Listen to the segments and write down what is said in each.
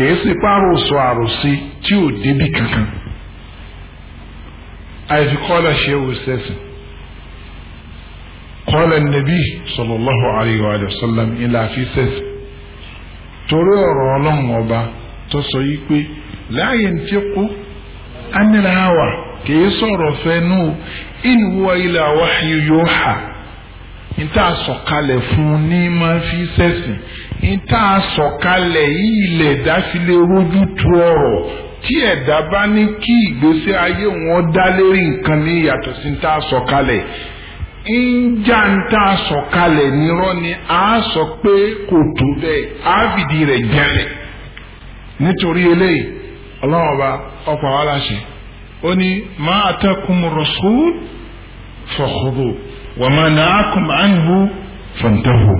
kìí sì párò sọ àròsí tí ò débi kankan àìfi kọ́lá ṣe wò sẹ́sìn kọ́lá nàbí sallallahu alayhi wa sallam ilà fi sẹ́sìn torí ọ̀rọ̀ ọlọ́run ọba tó sọ yí pé láàyè ń tí kú ánìlá wà kìí sọ̀rọ̀ fẹ́nu in huwa illa wahyu yuha níta sọ̀kalẹ̀ fún ní máa fi sẹ́sìn níta sọ̀kalẹ̀ yìí lẹ̀ dá fi lè rojú tu ọ̀rọ̀ tí ẹ̀dá bá ní kí ìgbésí ayé wọn dá lérí nǹkan ní yàtọ̀ sí níta sọ̀kalẹ̀ ìjà níta sọ̀kalẹ̀ nírọ́ ni a sọ pé kò tó bẹ́ẹ̀ á fìdí rẹ̀ jẹ́lẹ̀ nítorí eléyìí ọlọ́run ọba ọ̀pọ̀ àwọn aláṣẹ ó ní máa atakum rasul fakhudhu wa ma na'akum anhu fantahu.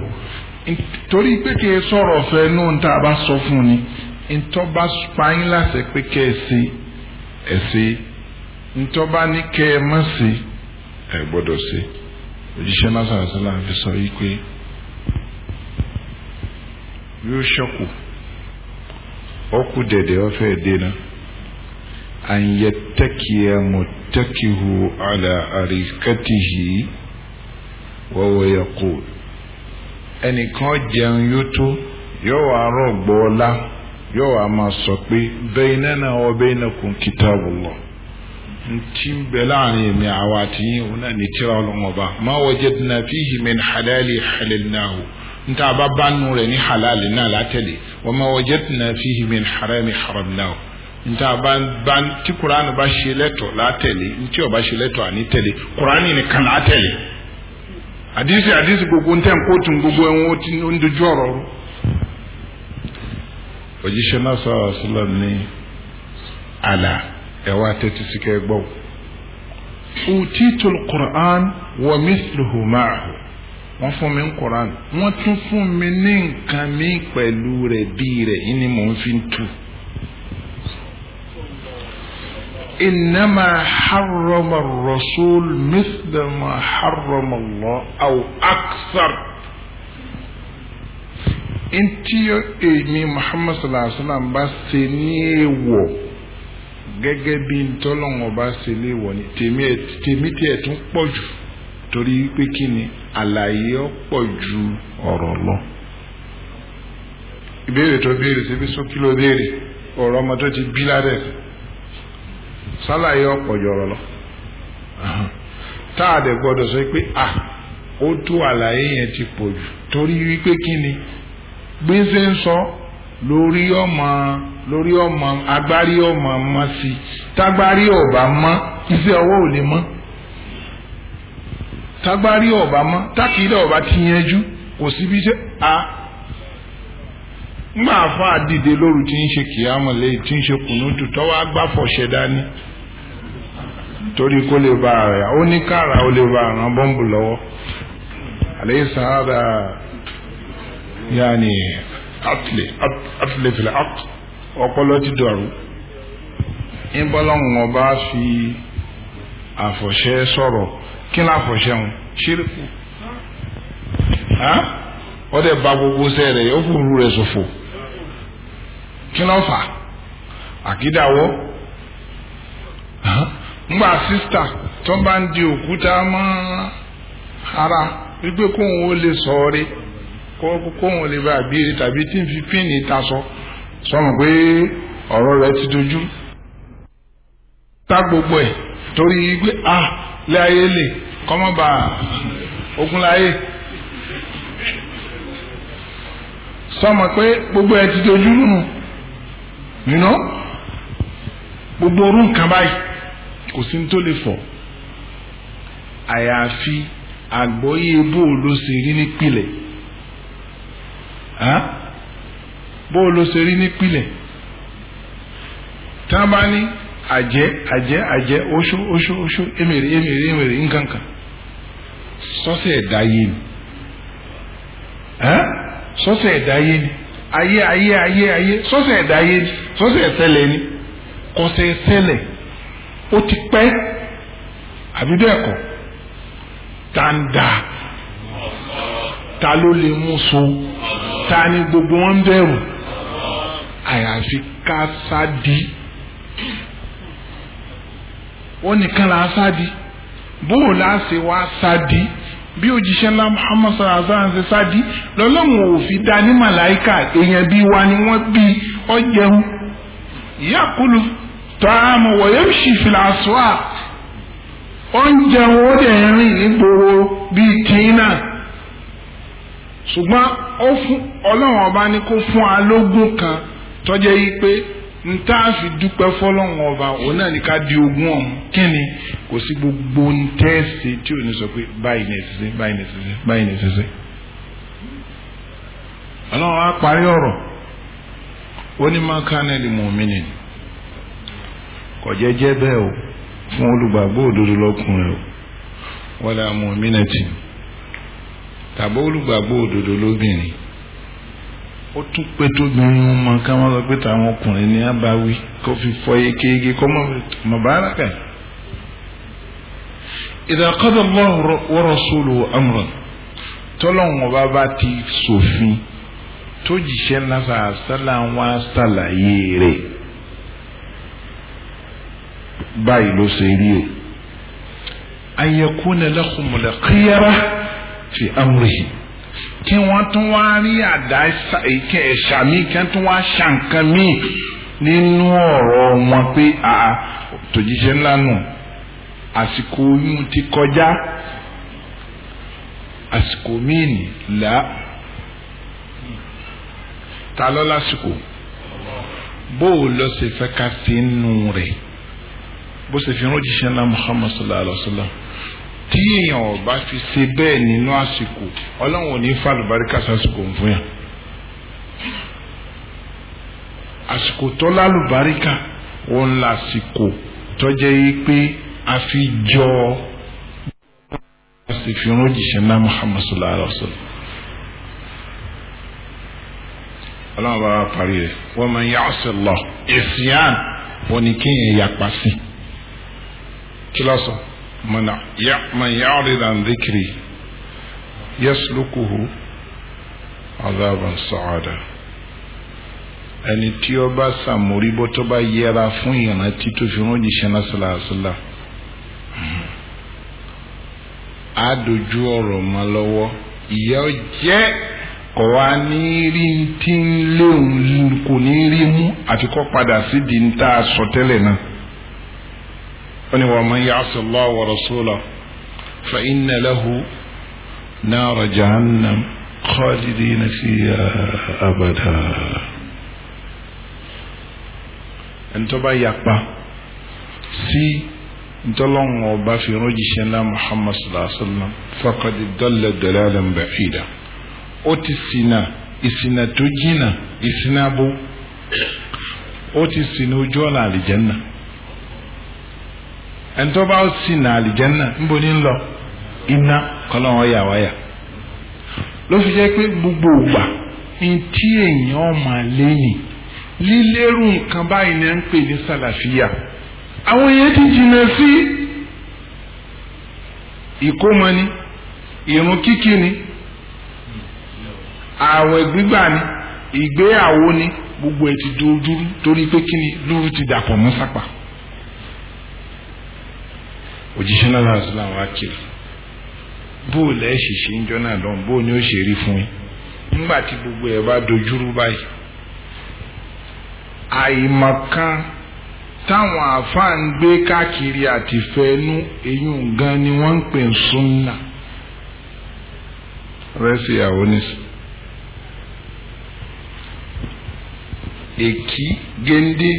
torí pé kí sọ̀rọ̀ fẹ́ nù tá a bá sọ ni ntọ́ba pààyàn láṣẹ pé kẹ́ ẹ ṣe ẹ ṣe ntọ́ba ní kẹ́ ẹ má ṣe ẹ gbọ́dọ̀ ṣe òjíṣẹ́ lásán àṣàlá fi sọ yìí pé yóò ṣọ́kù ọkù dẹ̀dẹ̀ ọ̀fẹ́ dènà àyẹ̀ tẹ́kìá mọ̀ tẹ́kìhù àlà àríkàtìhì wọ́wọ́ yẹ ẹnìkan jẹun yóò tó yóò wá rọ̀gbọ̀ ọlá yóò wá máa sọ pé bainana wa bainakum kitabullah ntí ń bẹ láàrin èmi àwa àti yín òun náà ní tíra ọlọ́mọba ma wajadna fihi min halali halalnahu nta a bá bá nù rẹ̀ ní halali náà látẹ̀lé wa ma wajadna fihi min harami haramnahu nta a bá bá tí kuraani bá ṣe lẹ́tọ̀ látẹ̀lé ntí o bá ṣe lẹ́tọ̀ àní tẹ̀lé kuraani nìkan látẹ̀lé àdìsí àdìsí gbogbo ntẹ̀ nkóòtù gbogbo ẹ̀wọ̀n ti ń dojú ọ̀rọ̀ rú. òjíṣẹ́ náà sọ àṣìlọ ní àlà ẹ̀wọ́ àtẹ́tí sí kẹ́ gbọ́. utitul Qur'an wa mithluhu ma'ahu wọ́n fún mi ń Qur'an wọ́n tún fún mi ní nǹkan mi pẹ̀lú rẹ̀ bí rẹ̀ ìní mò ń fi tu. إنما حرم الرسول مثل ما حرم الله أو أكثر ntí muhammad sallallahu alaihi wa sallam bá ṣe ní èèwọ̀ gẹ́gẹ́ bí ntọ́lọ́wọ́ bá ni tèmi tiẹ̀ tún pọ̀ jù torí pé kí ni ju sálàyé ọ̀pọ̀ jọ̀rọ̀ lọ tá a dẹ̀ gbọ́dọ̀ sọ pé à ó tó àlàyé yẹn ti pọ̀ jù torí wípé kí ni bí ń ṣe ń sọ lórí ọmọ lórí ọmọ agbárí ọmọ mọ sí tágbárí ọba mọ iṣẹ́ ọwọ́ ò lè mọ tágbárí ọba mọ tákìlẹ ọba ti yanjú kò síbi iṣẹ́ a máa fa dìde lóru tí ń ṣe kìámọ̀ lẹ́yìn tí ń ṣe kùnútù tọ́wọ́ agbáfọ̀ṣẹ́ dání torí kó lè ba àrà ó ní káàrà ó lè ba àrùn bọ́ǹbù lọ́wọ́ àlẹ́yìn sàádà yaani atle atle fìlà at ọpọlọ ti dọ̀rù ìbọ́lọ́hùn ọba fi àfọ̀ṣẹ́ sọ̀rọ̀ kí ni àfọ̀ṣẹ́ wọn ṣírìkù ọdẹ ba gbogbo sẹ́rẹ̀ ó fún rú rẹ̀ ṣòfò. So kí ló fà àkídà wọ́ ngbà sísítà tó bá ń di òkúta mọ́ ara wípé kóun ó lè sọ ọ́rẹ́ kóun ó lè bá àbíyèrè tàbí tí ń fi píìnì ta sọ sọmọ pé ọ̀rọ̀ rẹ̀ ti dojú ta gbogbo ẹ̀ torí pé a lé ayé lè kọ́mọ́ba ogun láyé sọmọ pé gbogbo ẹ̀ ti dojú nù. you gbogbo orú kan báyìí kò sí tó lè fọ àyàfi àgbọ́yé bó ló ṣe rí nípìlẹ̀ bó o ló ṣe rí nípìlẹ̀ tá a bá ní àjẹ́ àjẹ́ àjẹ́ oṣó oṣó oṣó emèrè emèrè emèrè nkankan sọ́sẹ̀ ẹ̀dá yé ni sọ́sẹ̀ ẹ̀dá yé ni ayé ayé ayé ayé sọ́sẹ̀ ẹ̀dá yé ni. sọ́sẹ̀ ẹ̀sẹ̀lẹ̀ ni kọ́sẹ̀ ẹ̀sẹ̀lẹ̀ ó ti pẹ́ àbí bẹ́ẹ̀ kọ́ tá ń da ta ló lè mú so ta ni gbogbo wọn bẹ̀rù àyàfi ká sádi wọ́n nìkan là á sádi bóò láti wá sádi bí òjíṣẹ́ ńlá muhammad sallallahu alaihi ṣe sádi lọ́lọ́run ò fi dá èèyàn bíi wa ni wọ́n bí ọ jẹun. yakulu tọ́ámù wọ̀yẹ́mṣì fìlàsùà oúnjẹ wo dẹ̀ ń rìn nígboro bíi tìǹà ṣùgbọ́n fún ọlọ́run ọba ní kó fún alógún kan tọ́jẹ́ yí pé n tá a fi dúpẹ́ fọlọ́run ọba òun náà ní ká di ogún ọ̀hún kí ni gbogbo ń tẹ́sí tí ò ní sọ pé báyìí ní ẹ̀sìn ó ní má kánẹ́lì mọ̀mìnì kò jẹ́jẹ́ bẹ́ẹ̀ o fún olùgbàgbọ́ òdodo lọ́kùnrin o wọ́n lè mọ̀mìnẹ̀tì tàbí olùgbàgbọ́ òdodo lóbìnrin ó tún pé tóbìnrin wọn mọ ká wọn sọ pé táwọn ọkùnrin ní abáwí kó fi fọ yékéyéké kó mọ bàárà kàn. idha qada Allahu wa rasuluhu amran tọ́lọ́wọ́n bá bá ti ṣòfin. So tó jìṣẹ́ ńláṣà sálà ń wá ṣàlàyé rẹ̀ báyìí ló ṣe rí o ayẹkúnlẹ̀ lẹ́kùnmọ̀lẹ̀ kíyàrá fi amúrèhìn kí wọ́n tún wá rí àdá ẹ̀ṣà mi kí wọ́n tún wá ṣàǹkan mi nínú ọ̀rọ̀ wọn pé àà tòjíṣẹ́ ńlá nù àsìkò oyún ti kọjá àsìkò míì nì là ta lọ lásìkò bó o lọ sí fẹ́ ká sí nù rẹ̀ bó ṣe fi rán jíṣẹ́ ńlá Muhammad sallallahu alaihi wa sallam tí èèyàn ọba fi ṣe bẹ́ẹ̀ nínú àsìkò ọlọ́run ò ní fàlùbáríkà sásìkò ń fún yàn àsìkò tó lálùbáríkà òun làsìkò tó jẹ́ yí pé a fi jọ ọ́ a sì fi rán jíṣẹ́ ńlá Muhammad sallallahu alaihi wa sallam. ọlọ́run bá wa parí rẹ̀ wọ́n máa ń yà ọ̀sẹ̀ lọ ìsìyàn wọ́n ní kéèyàn yapa sí kí ló sọ mọ̀nà yà máa yà ọ̀rẹ́ dàn dékiri yẹ́sùlùkùhù ọ̀dàbọ̀n sọ̀ọ́dà ẹni tí ó bá sàmóríbó tó bá yẹra fún ìrántí tó fi rán jíṣẹ́ náà sílàsílà á hmm. dojú ọ̀rọ̀ mọ́ lọ́wọ́ ìyà ó jẹ́ kọ̀ wá ní rí tí ń léun kò ní rí mú àti kọ́ padà sídìí ń tá a sọ tẹ́lẹ̀ náà ó ní wa man ya'si Allah wa rasulahu fa inna lahu nara jahannam khalidina fiha abada ẹni tó bá yapa sí ntọ́lọ́wọ́n ọba fi rán jíṣẹ́ ńlá sallallahu alayhi wa sallam faqad dalla dalalan ba'ida. o ti ṣìnà ìṣìnà tó jìnà na bó o ti sina ojú ọ̀nà àlìjẹ́nà ẹ̀ńtọ́ bá ṣìnà àlìjẹ́nà níbo ni ń lọ iná kọ́lọ́ wọn yà wáyà ló fi jẹ́ pé gbogbo ògbà ntí èèyàn máa léyìn lílérú nǹkan báyìí ni à ń pè ní sàlàfíà àwọn èèyàn ti jìnnà sí ìkómọ ni ìrun kíkí ni. ààwẹ̀ gbígbà ni ìgbéyàwó ni gbogbo ẹ̀ ti dojúrú torí pé kíni lóru ti dàpọ̀ mọ́ sápà òjíṣẹ́ náà láti láwọn akiri bó o lẹ́ẹ̀ ṣì ṣe ń jọ́nà lọ́n bó o ní ó ṣe rí fún yín nígbà tí gbogbo ẹ̀ bá dojúrú báyìí àìmọ̀kan táwọn àáfàá ń gbé káàkiri àtìfẹ́nu eyín gan ni wọ́n ń pè ń súnnà rẹ́sì àwọn oníṣẹ́ èkí géńdé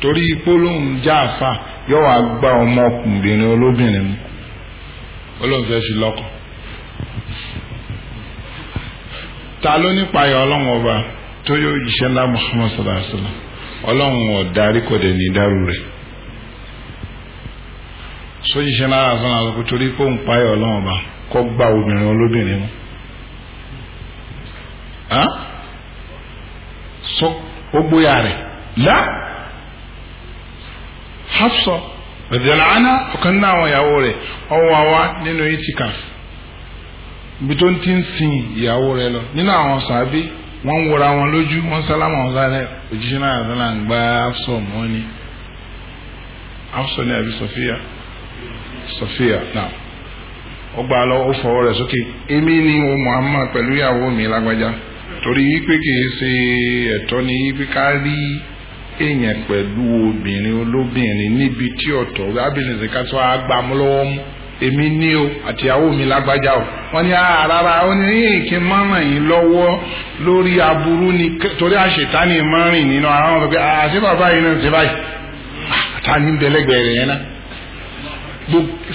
torí polóhùn jáfa yóò wá gba ọmọkùnrin olóbìnrin mu olóhùn fẹ́ fi lọ́kọ̀ ta ló ọba tó yóò jíṣẹ́ ńlá Muhammad sallallahu alaihi wa sallam ní àzọ́nà àzọ́kú torí ọba gba obìnrin olóbìnrin mu. sọ ó gbóyà rẹ̀ lá Hafsa radiyallahu anha ọ̀kan náà àwọn ìyàwó rẹ̀ ọwọ́ àwa nínú itikaf ibi tó ń ti ń sin ìyàwó rẹ̀ lọ nínú àwọn sàbí wọ́n ń wọra wọn lójú wọ́n sálámà wọn sáré òjíṣẹ́ náà àtàlà ń gba Hafsa mọ́ Hafsa ni àbí Sofiya Sofiya náà ọgbà lọ ó fọwọ́ rẹ̀ sókè èmi ni o Muhammad pẹ̀lú ìyàwó mi lágbájá. torí pé kìí ṣe ẹ̀tọ́ ni pé ká rí èèyàn pẹ̀lú obìnrin olóbìnrin níbi tí ọ̀tọ̀ rábìnrin sì ká tó a gbà mú lọ́wọ́ mú èmi ní o àtìyàwó mi lágbájá o wọ́n ní ó ní ni torí àṣetánì máa rìn nínú ara wọn pé ah, bàbá yìí náà ṣe báyìí ah, yẹn náà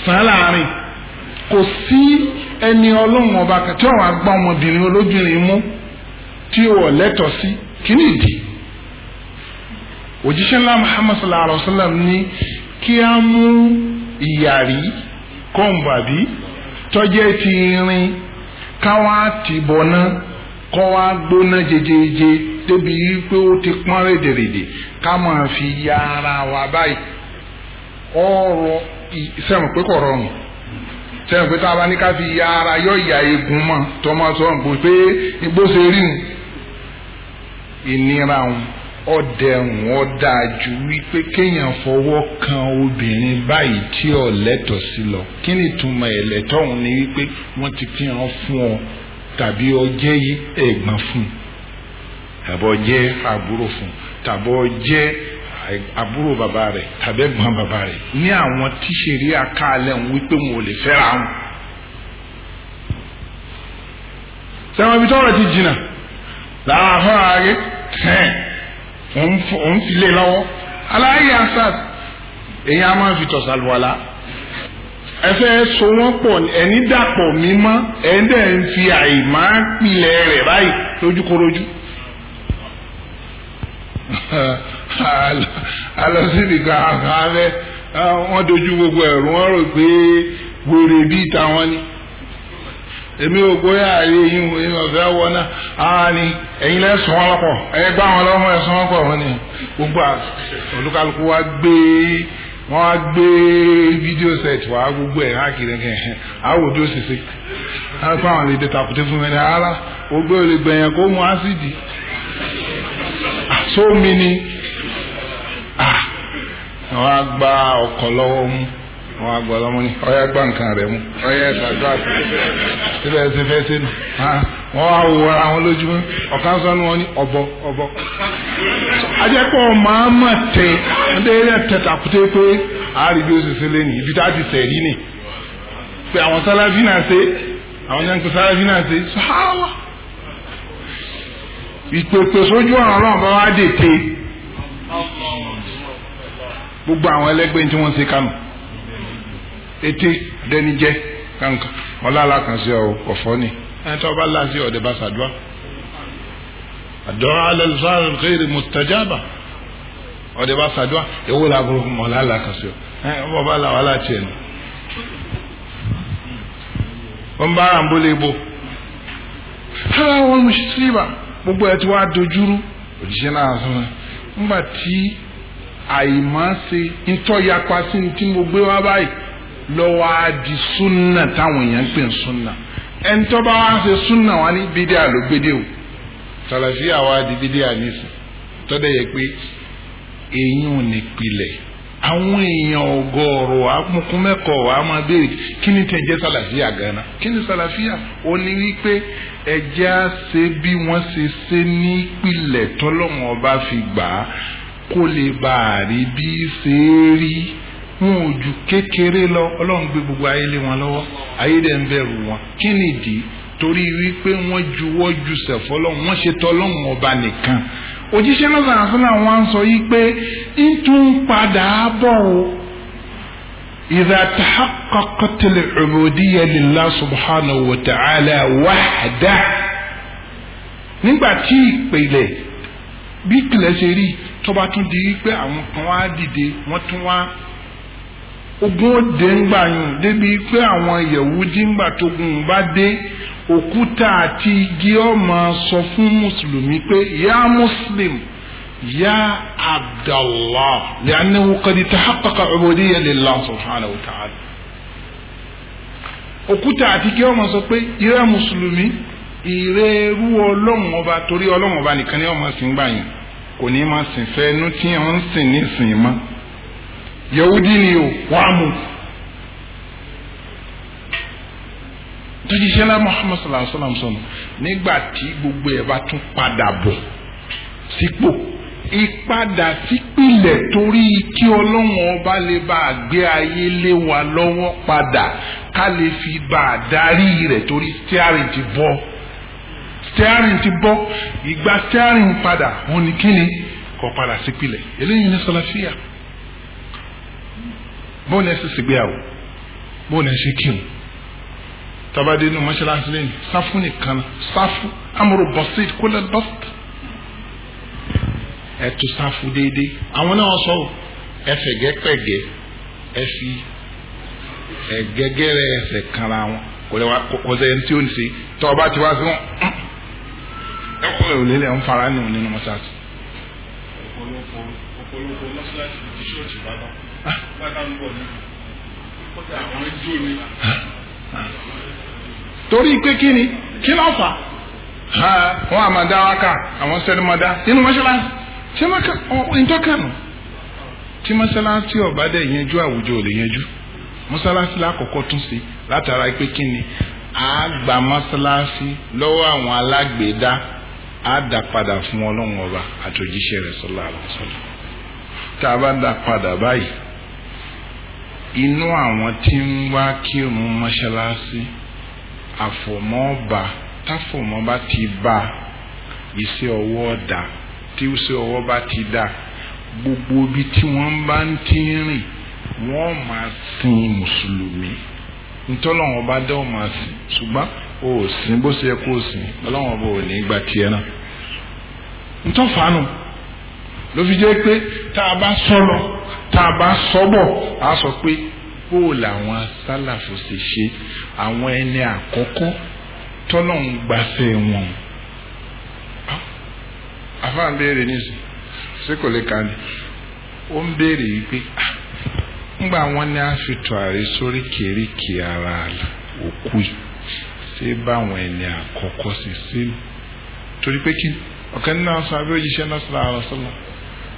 sàn láàrin kò sí ẹni ọlọ́run ọba kan tí ọmọbìnrin tí wọ́n lẹ́tọ̀ sí kí ni ìdí òjíṣẹ́ ńlá muhammad sallallahu alayhi wa sallam ní kí a mú ìyàrí kọ́ńbàbí tọ́jẹ́ ti rin káwá ti bọ̀ná kọ́ wá gbóná jejeje débi wípé ó ti pọ́n rédèrèdè ká máa fi ya ara wa báyìí ọ̀rọ̀ sẹ́wọ̀n pé kò rọrùn sẹ́wọ̀n pé tá a bá ní ká fi ya ara yọ ìyá egun mọ́ tọmọ sọ̀rọ̀ pé bó ṣe rí nù ìnira wọn ọdẹrùn ọdà wípé kéèyàn fọwọ́ kan obìnrin báyìí tí ò lẹ́tọ̀ọ́ sí lọ kí ni ìtumọ̀ ẹ̀lẹ́tọ̀ ọ̀hún ni wípé wọ́n ti fi hàn fún ọ tàbí ọ jẹ́ ẹ̀gbọ́n fún tàbọ̀ jẹ́ àbúrò fún tàbọ̀ jẹ́ àbúrò bàbá rẹ̀ tàbí ẹ̀gbọ́n bàbá rẹ̀ ní àwọn tíṣerí akálẹ̀ ń wípé wọn ò lè fẹ́ra wọn. sẹ́wọ̀n ibi tọ́rọ̀ ti jìnnà lára ahọ́n on on òun fi lé lọ́wọ́ aláàyè asad èyàn á máa fi tọ̀sà lù wàlá ẹ fẹ́ so wọ́n pọ̀ ẹni dàpọ̀ mímọ́ ẹ̀ńdẹ̀ ń fi àìmá pilẹ̀ rẹ̀ báyìí lójúkorojú alọsibika àwọn abẹ wọn dojú gbogbo ẹrù wọn rò pé wèrè bíi tàwọn ni èmi ò gbóyà ayé yín wò èmi ọ̀fẹ́ wọná ààní ẹ̀yin lẹ́sùn wọn lọ́pọ̀ ẹ̀yẹ gbá wọn lọ́wọ́ ẹ̀sùn wọn pọ̀ wọn ni gbogbo olúkálùkù wa gbé wọn á gbé fídíò set wá gbogbo ẹ̀ hàn kiri kẹ̀kẹ́ àwòdó sise àpá àwọn èdè tàkùtì fún mi ní ara gbogbo olè gbẹ̀yẹn kó mu ásìdì àsómi ni àwọn àgbà ọkọ̀ lọ́wọ́ mu wọn á gbọ́ lọ́mọ ní ọyá gbá nǹkan rẹ̀ mú ọyá ṣàdúrà síbẹ̀ ẹsẹ̀ fẹ́ sínú wọn á wo ara wọn lójúmọ́ ọ̀kan sọ́nù wọn ní ọ̀bọ ọ̀bọ. ajẹ́pọ̀ máa mọ̀ tẹ ọdẹ yẹn tẹ̀tàkùtẹ̀ pé àárí bí ó ṣe ṣe lẹ́nu ibi tá a ti tẹ̀rí ni pé àwọn sálábí náà ṣe àwọn yẹn ń pe sálábí náà ṣe sọ́hálà. ìpèpè sójú ọ̀ràn náà bá wá dète gbogbo àwọn ẹlẹ́gbẹ́ tí wọ́n ṣe kánú ètè dẹnijẹ kankan ọlọ́lá kan sí ọ ọ̀fọ́ ni ẹni tó bá láti ọ̀dẹ̀ bá sàdúrà àdúrà alẹ́lùfáàrùn kéèrè mustajaba ọ̀dẹ̀ bá sàdúrà èwo làbúrò fún ọlọ́lá kan sí ọ ẹ ọmọ bá làwọn aláàtì ẹ̀ nù. wọ́n bá ara ń bó lébo sára wọn mú sílíbà gbogbo ẹ̀ tí wàá dojúrú òjíṣẹ́ náà sọ̀rọ̀ nígbà tí àìmọ́ ṣe ń tọ́ yapa sí ní tí mo gbé wá báyìí lọ́wọ́ á di súnà táwọn èèyàn ń pè ń súnà ẹni tó bá wá ń ṣe súnà wọn ní bídíà ló gbédè o sàlàfíà wa di bídíà nísìn tọ́dẹ̀ yẹ pé èyàn ò ní pilẹ̀ àwọn èèyàn ọgọ́rọ̀ amukun mẹ́kọ̀ọ́ wa máa béèrè kí ni tẹ́ jẹ́ sàlàfíà gan-an kí ni sàlàfíà ó ní wípé ẹ̀jẹ̀ á ṣe bí wọ́n ṣe ṣe ní pilẹ̀ tọ́lọ́mọ ọba fi gbà á kó lè bàa rí bí ṣe é rí wọn ò ju kékeré lọ ọlọ́run gbé gbogbo ayé lé wọn lọ́wọ́ ayé dẹ̀ ń bẹ̀rù wọn kí nìdí torí wípé wọ́n juwọ́ ju sẹ̀fọ́ lọ́wọ́ wọ́n ṣe tọ́lọ́run ọba nìkan òjíṣẹ́ náà sàn fún àwọn à sọ yìí pé ń tún padà bọ̀ o ìdá tahakakatili ubudiyya lillahi subhanahu wa ta'ala wahda nígbà tí ìpìlẹ̀ bí ìpìlẹ̀ ṣe rí tó tún di wípé àwọn kan wá dìde wọ́n tún wá ogun ó dé ńgbà yùn débi pé àwọn Yẹ̀wúdí ńgbà tógun bá dé òkúta àti igi ó sọ fún mùsùlùmí pé ya muslim ya abdallah li'annahu qad tahaqqaqa ubudiyya lillahi subhanahu wa ta'ala òkúta àti igi ó máa sọ pé ìrẹ́ mùsùlùmí ìrẹ́ ẹrú ọlọ́run ọba torí ọlọ́run ọba nìkan ni ó máa sìn gbà yùn kò ní máa sìn fẹ́ẹ́nú tí wọ́n ń sìn ní ìsìn mọ́ yahudi ni o wọ́n á mú. tòjíṣẹ́lá muhammad sallallahu alayhi wa sallam sọ̀nù nígbà tí gbogbo ẹ̀ bá tún padà bọ̀ sípò ìpadà sípìlẹ̀ torí kí ọlọ́run ọba lè bá gbé ayé lé wa lọ́wọ́ padà ká lè fi bá a darí rẹ̀ torí steering ti bọ́ steering ti bọ́ ìgbà steering padà wọn ni kí ni kò padà sípìlẹ̀ eléyìí ni sọlá fìyà bóun ní ẹsẹ̀ ṣègbéyàwó bóun ní ẹsẹ̀ kírun tabade nu mọ́ṣáláṣí lẹ́yìn sáfù nìkan sáfù amúrò bọ́sít kólẹ̀ bọ́sít ẹ̀tù sáfù déédéé àwọn náà sọ ẹsẹ̀ gẹ́pẹ̀gẹ́ ẹfi ẹgẹgẹrẹ ẹsẹ̀ kanra wọn kò lè wa kò sẹ ẹni tí ó ń ṣe tọ́ ọba ti wá sí ẹ kọ́ ẹ̀ ò ń fara nínú mọ́ṣáláṣí ṣọ́ọ̀ṣì bá bá bá bá ń bọ̀ ní kọ́tà àwọn ẹjọ́ ni. torí pé kí ni kí ló fà á. wọ́n á máa dá wákà àwọn sẹ́ni máa dá nínú mọ́ṣáláṣí tí wọ́n kà ìjọ́kànnù tí mọ́ṣáláṣí ọ̀bá dẹ̀ yẹnjú àwùjọ ò lè yẹnjú mọ́ṣáláṣí lákòókò tún sí látara pé kí ni a gba lọ́wọ́ àwọn alágbèédá a dá padà fún ọlọ́run ọba àtòjíṣẹ́ rẹ̀ sallallahu alaihi wasallam tá a bá dá padà báyìí inú àwọn tí ń wá kírun mọ́ṣáláṣí àfọ̀mọ́ba táfọ̀mọ́ba ti bá iṣẹ́ ọwọ́ dá tí iṣẹ́ ọwọ́ bá ti dá gbogbo ibi tí wọ́n bá ń ti rìn wọ́n máa sin mùsùlùmí ntọ́lọ́wọ́n bá dẹ́ máa sìn ṣùgbọ́n o ò sìn bó ṣe yẹ kó o sìn ọlọ́wọ́n bò ní gba tiẹ̀ náà ntọ́fàánù. ló fi jẹ́ pé tá a bá sọ̀rọ̀ tá a bá sọ́bọ̀ a sọ pé bó làwọn sálàfò ṣe ṣe àwọn ẹni àkọ́kọ́ tọ́lọ̀ ń gbàṣẹ wọn. àfáà ń béèrè nísìnyí ṣé kò lè kàn ní ó ń béèrè wípé pé wọn ni a fi tùràrí sórí kèrékè ara òkú yìí ṣé báwọn ẹni sí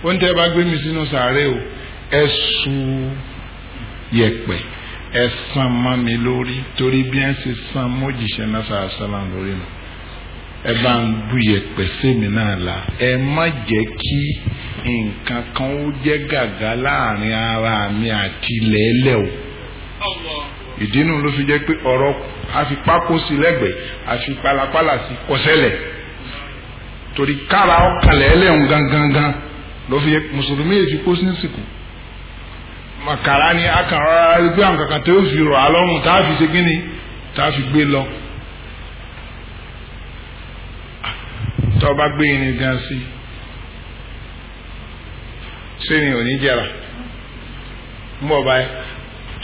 ó ń tẹ́ bá gbé mi sínú sàárè o ẹ su yẹ̀pẹ̀ ẹ san mọ́ mi lórí torí bí ẹ ṣe san mójìṣẹ́ náà sàásálà lórí mi ẹ bá ń bu yẹ̀pẹ̀ sẹ́mi náà la ẹ má jẹ́ kí nǹkan kan ó jẹ́ gàgà láàrin ara mi àti lẹ́lẹ́ o ìdínú ló fi jẹ́ pé ọ̀rọ̀ àfipákó sí lẹ́gbẹ̀ẹ́ àfipálapàlà sí kọsẹ́lẹ̀ torí kára ọkàn lẹ́lẹ́ ń gangan gan. gan ló fi mùsùlùmí èfi kó sí sìnkú màkàrà ni a kàn rárá rí pé àwọn kankan fi ro alọ́run taa fi ṣe kí ni fi gbe lọ. Ah, tó bá gbé irin gan si ṣé ni ò ní jẹrà ń bọ̀ báyìí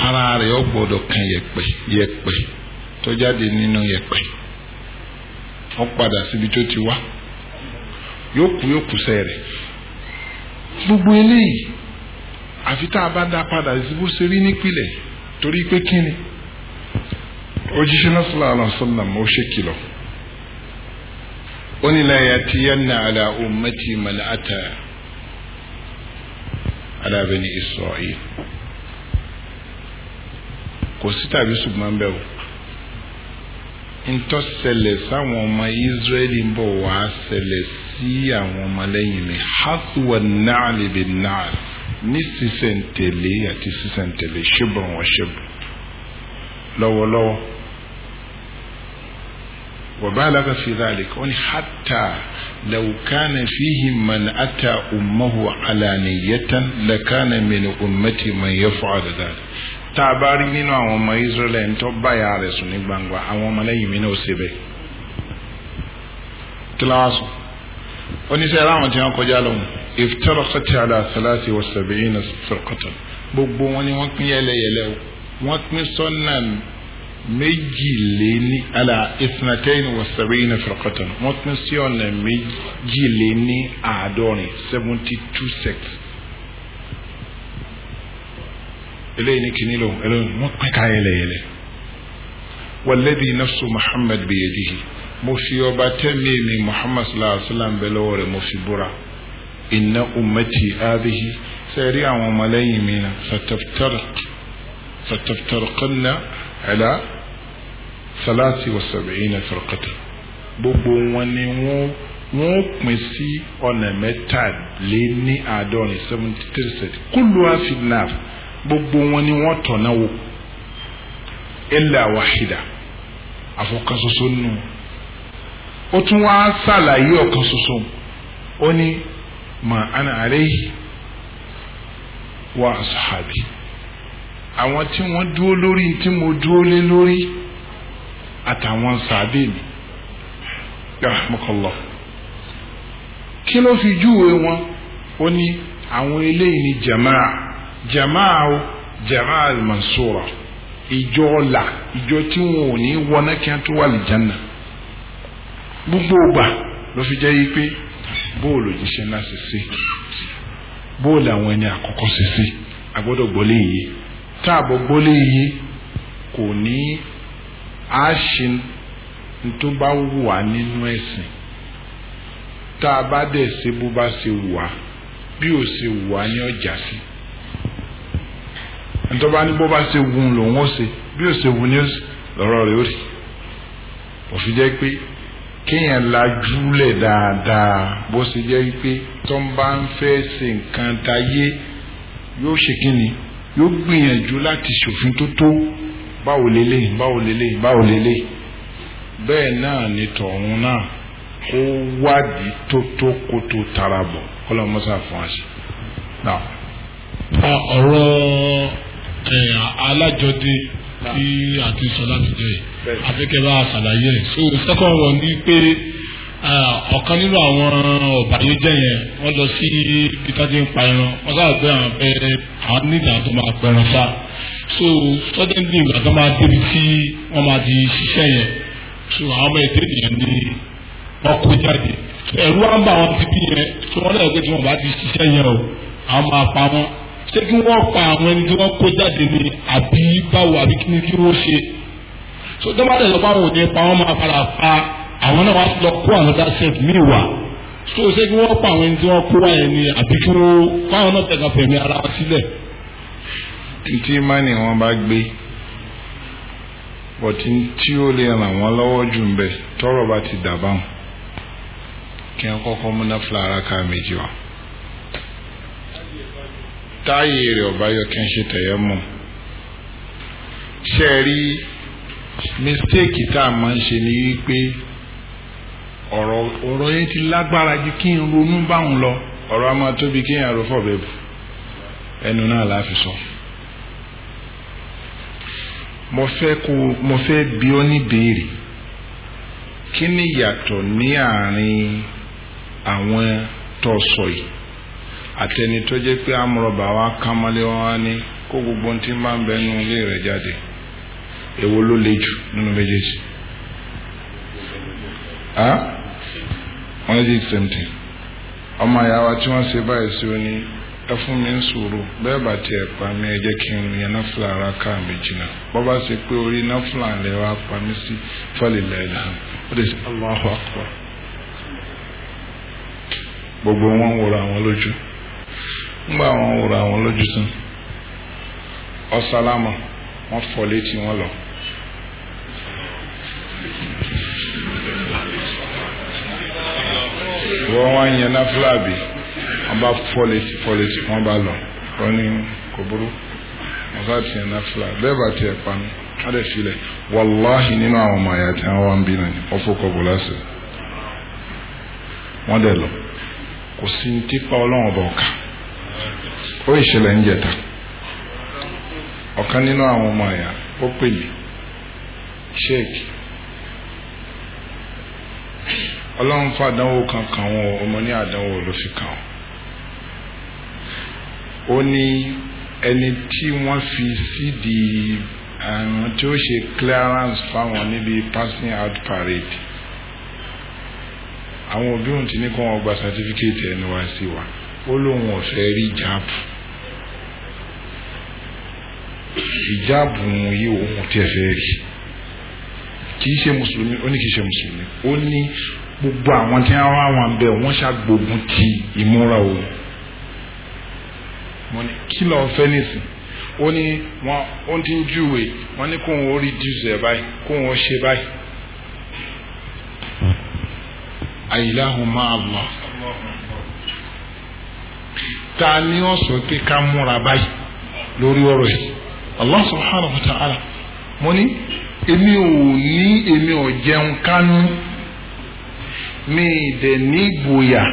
ara rẹ̀ ó gbọ́dọ̀ kan yẹ̀pẹ̀ yẹ̀pẹ̀ tó jáde nínú yẹ̀pẹ̀ ó padà síbi tó ti wá yóò kú yóò kú gbogbo eléyìí àfi tá a bá dá padà ìsibú ṣe rí nípìnlẹ̀ torí pé kí ni òjíṣẹ́ náà sallallahu alaihi wasallam ó ṣe kìlọ̀ ó ní la yatiyanna ala ummati man ata ala bani Isra'il kò sí tàbí ṣùgbọ́n bẹ́ẹ̀ o ntọ́sẹlẹ̀ sáwọn ọmọ Israẹli ń bọ̀ wá ṣẹlẹ̀ sí àwọn ọmọlẹ́yìn mi hasuwa naali bi naali ní sísẹ̀ntẹ̀lé àti sísẹ̀ntẹ̀lé ṣubọ̀n wọ́n ṣubọ̀n lọ́wọ́lọ́wọ́ وبالغ في ذلك حتى لو كان فيهم من أتى أمه علانية لكان من أمتي من يفعل ذلك tá a bá rí nínú àwọn ọmọ Israẹli ń tọ́ báyà rẹ̀ sùn ní gbangba àwọn ọmọlẹ́yìn mi náà ṣe bẹ́ẹ̀ kí la wá sùn oníṣẹ́ ara àwọn tí wọ́n kọjá lọ́wọ́ iftaraqat ala thalathi wa sab'ina firqatan gbogbo wọn ni wọ́n pín yẹlẹyẹlẹ o wọ́n pín sọ́nà méjìléní ala ithnatayn wa sab'ina firqatan wọ́n pín sí méjìléní àádọ́rin seventy two sects eléyìí ní kìíní lòun eléyìí wọ́n pín ká yẹlẹyẹlẹ walladhi nafsu muhammad biyadihi mo fi ọba tẹ́mi mi muhammad sallallahu alayhi wa sallam bẹ́ẹ̀ lọ́wọ́ rẹ̀ mo fi búra inna ummati hadhihi sẹ́rí àwọn ọmọlẹ́yìn mi na sataftariqanna ala salasi wa sab'ina firqata gbogbo wọn ni wọn wọ́n sí ọ̀nà mẹ́tàléní àádọ́rin seventy three set kúlùwà fi náà gbogbo wọn ni wọ́n tọ̀nà wò illa wahida àfọkàn ṣoṣo nù ó tún wá ṣàlàyé ọ̀kan ṣoṣo ó ní mà ana alayhi wa ashabi àwọn tí wọ́n dúró lórí tí mo dúró lé lórí àtàwọn sàbẹ mi rahmakallah kí ló fi júwe wọn ó ní àwọn eléyìí ni jamaa. jamaaw jamaa almansura ijo la ijo ti wọn ò ní wọná kí gbogbo ògbà ló fi jẹ́ yí pé bóòlù òjíṣẹ́ náà ṣe bóòlù àwọn ẹni àkọ́kọ́ ṣe ṣe agbọ́dọ̀ yìí tá a yìí kò ní á ṣe tó bá wù nínú tá a bá dẹ̀ ṣe bó bá ṣe ntọ́ba ní bó bá ṣe wun lòun ó ṣe bí ó ṣe wun ní lọ́rọ̀ rẹ̀ ó rí òfin jẹ́ pé kéèyàn lajú lẹ̀ dáadáa bó ṣe jẹ́ pé tó ń bá ń fẹ́ ṣe nǹkan táyé yóò ṣe kí ni yóò gbìyànjú láti ṣòfin tó tó báwo lélẹ̀ báwo lélẹ̀ báwo lélẹ̀ bẹ́ẹ̀ náà ni tọ̀hún náà kó wádìí tó tó kó tó tara bọ̀ kọ́lọ́ fún wa ṣe. ọ̀rọ̀ alájọdé tí a ti sọ láti jẹ afẹ́kẹ́ bá ṣàlàyé ẹ̀ so second one ni pé ọ̀kan nínú àwọn ọ̀bàyéjẹ́ yẹn wọ́n lọ sí pitadi ń pa ẹran wọ́n sábà gbé àwọn abẹ́rẹ́ àwọn nígbà tó máa pẹran sá so suddenly ìgbà tó máa débi tí wọ́n máa ti ṣiṣẹ́ yẹn so àwọn ọmọ èdè yẹn ni wọ́n kó jáde ẹ̀rú àmbà wọn ti bí yẹn tí wọ́n lẹ́yìn pé tí wọ́n bá ti ṣiṣẹ́ yẹn o àwọn máa pa wọ́n ṣé kí wọ́n pa àwọn ẹni tí wọ́n kó jáde ní àbí báwo àbí kí ni kí wọ́n ṣe so dọ́mọdé lọ́pọ̀ àwọn òde pa wọ́n máa fara pa àwọn náà wọ́n lọ kó àwọn dáṣẹ́t míì wá so ṣé kí wọ́n pa àwọn ẹni tí wọ́n kó wá yẹn ní àbí kí wọ́n fáwọn náà tẹ̀ka fẹ̀mí ara wọn sílẹ̀. títí mánì wọn bá gbé bọ̀tí tí ó lè ràn wọ́n lọ́wọ́ jù ń bẹ̀ tọ́rọ̀ bá ti dà báwọn kí wọ́n kọ́kọ́ múná fúlàrà ká méjì wá. táyé rẹ̀ ọba ya kí n ṣe tẹ̀yẹ́ mọ ṣe rí mistake tá a máa ń ṣe ni wípé ọrọ ọrọ yẹn ti lágbára ju kí n ronú báwọn lọ ọrọ a máa kí n àrò fọ̀bẹ̀ bù ẹnu náà la fi sọ. mo fẹ́ kó mo fẹ́ bi ọ́ ní béèrè kí ni yàtọ̀ ní àárín àwọn tó sọ yìí àtẹni tó jẹ́ pé amúrọ̀bà wa kámọ́lé wa ní kó gbogbo ohun tí ń bá ń bẹ nínú ilé rẹ̀ jáde èwo ló le jù nínú méjèèjì wọ́n ti same thing ọmọ tí wọ́n ṣe báyìí sí o ní ẹ fún mi ń bẹ́ẹ̀ bá tiẹ̀ pa mí ẹ jẹ́ kí n yan náfìlà ara ká mi jìnnà bọ́ bá ṣe pé orí lẹ̀ wá pa mí sí ńgbà wọn wòrò àwọn lójú tán ọ̀sálámà wọ́n fọ létí wọn lọ. wọ́n wá yẹn ná fúlàbì wọ́n bá fọ létí fọ létí wọ́n bá lọ wọ́n ní kò burú wọ́n sá tiẹ̀ ná fúlàbì bẹ́ẹ̀ bá tiẹ̀ panu wọ́n dẹ̀ filẹ̀ wàláhì nínú àwọn ọmọ àyà tí wọ́n bí náà wọ́n fọkọ̀ bọ̀ lásìkò wọ́n dẹ̀ lọ kò sí ní tipa ọlọ́run ọba ọ̀ka ó ìṣẹ̀lẹ̀ ń jẹta ọ̀kan nínú àwọn ọmọ ẹ̀yà ó pè mí sheik ọlọ́run fún àdánwò kan kàn wọ́n ọmọ ní àdánwò ló fi kàn wọ́n ó ní ẹni tí wọ́n fi sídìí àwọn tí ó ṣe clearance fáwọn níbi passing out parade àwọn òbí òun ti ní kó wọn gba certificate ẹni wá sí wa ó lóun ọ̀fẹ́ rí jáàpù hijabu yìí òun tí ẹ fẹ́ rí kìí ṣe mùsùlùmí ó ní kìí ṣe mùsùlùmí ó ní gbogbo àwọn tí wọ́n wá wọn bẹ́ẹ̀ wọ́n ṣàgbógun ti ìmúra o mo ní kí lọ fẹ́ nísìn ó ní wọn ó ti ń júwe wọn ní kóun ó rí jùsù ẹ báyìí kóun ó ṣe báyìí àyíláhùn máa lọ ta ni ó sọ pé ká múra báyìí lórí ọ̀rọ̀ yìí. Allah subhanahu wa ta'ala mo ni èmi ò ní èmi ò jẹun kánú mi dẹ̀ ní gboyà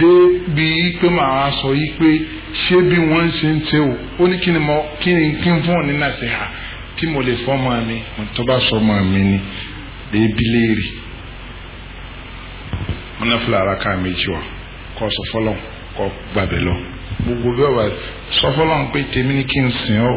débi pé màá sọ yìí pé ṣé bí wọ́n ṣe ń tẹ́ o ó ní kí ni mo kí ni kí n fún ọ ní nàṣẹ́hà tí mo lè fọ́ ọmọ mi tó bá sọ ọmọ mi ni débi léèrè wọn náà fúlẹ̀ ara ká méjì wá kọ́ sọ fọlọ́n kọ́ gbàbẹ̀ lọ gbogbo bẹ́ẹ̀ wá sọ fọlọ́n pé tèmi ni kí n sìn ọ́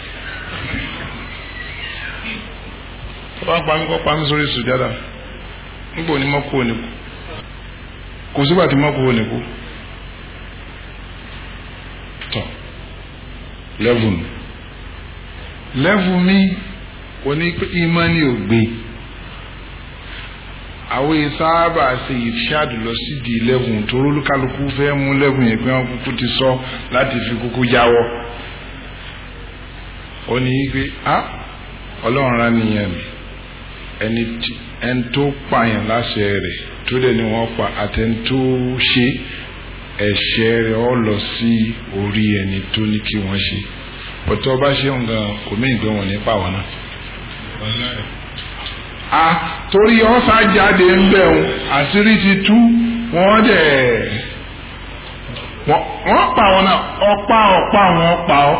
tó bá pa mí kọ́ pa mí sórí sùjádà nígbà onímọ̀ kú òníkù kò sígbà tí mọ̀ kú òníkù tọ̀ lẹ́vù mi lẹ́vù mi kò ní pé ìmánì ò gbé àwọn ìsáábà ṣe ìfíàdù lọ sídìí lẹ́gùn tó rólúkálukú fẹ́ mú lẹ́gùn yẹn pé wọ́n kúkú ti sọ láti fi kúkú jáwọ́ ó ní pé ah, ọlọ́run rán nìyẹn mi ẹni tí ẹni tó pààyàn láṣẹ rẹ̀ tó dẹ̀ ni wọ́n pa àtẹni tó ṣe ẹ̀ṣẹ̀ rẹ̀ ọ lọ sí orí ẹni tó ní kí wọ́n ṣe pọ̀tọ́ bá ṣe ń gan kò mí ìgbẹ́ wọn nípa wọn náà. a torí ọ̀sà jáde ń bẹ̀ wọn àṣírí ti tú wọ́n dẹ̀ wọ́n pa wọn náà ọ̀pá ọ̀pá wọn pa ọ́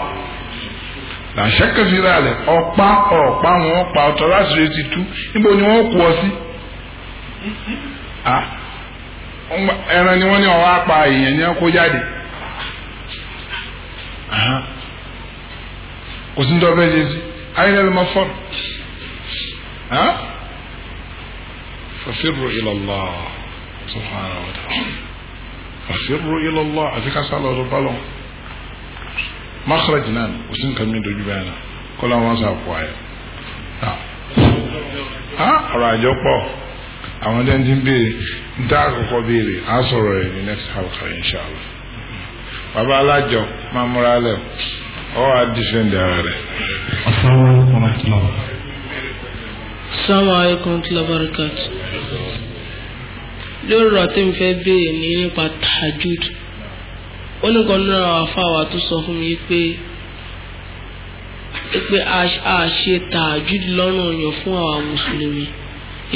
làṣẹ kẹsìrà rẹ ọ̀pá ọ̀pá wọn ọ̀pá ọ̀tọ̀ láti rẹ ti tú níbo ni wọ́n kú ọ sí. Ah, ẹran ni wọ́n ní ọwọ́ apá èèyàn ní ọkọ jáde kò sí ní tọ́ bẹ́ẹ̀ ṣe sí ayélujára ló máa fọ́ọ̀rọ̀ fàfírù ìlọ́lá subhanahu wa ta'ala fàfírù ìlọ́lá àti kásálọ̀ ọ̀dọ̀ bá lọ́wọ́ makhraj náà ni kò sí nǹkan mi dojú bẹ́ẹ̀ náà kó lọ́wọ́ wọn sàkó ayẹ. a ọ̀rọ̀ àjọ pọ̀ àwọn dẹ́n ti ń béèrè dá àkọ́kọ́ béèrè á sọ̀rọ̀ ẹ̀ ní next halka inshallah. bàbá alájọ máa múra lẹ̀ ọ́ wá dífẹ́ǹdì ara rẹ̀. asalaamualeykum wa rahmatulahi lórí ọ̀rọ̀ tí mo fẹ́ béèrè ní nípa tajud ó ní kan nínú àwọn afáwa tó sọ fún mi pé pé a ṣe tààjúdì lọ́rùn ọ̀yàn fún àwa mùsùlùmí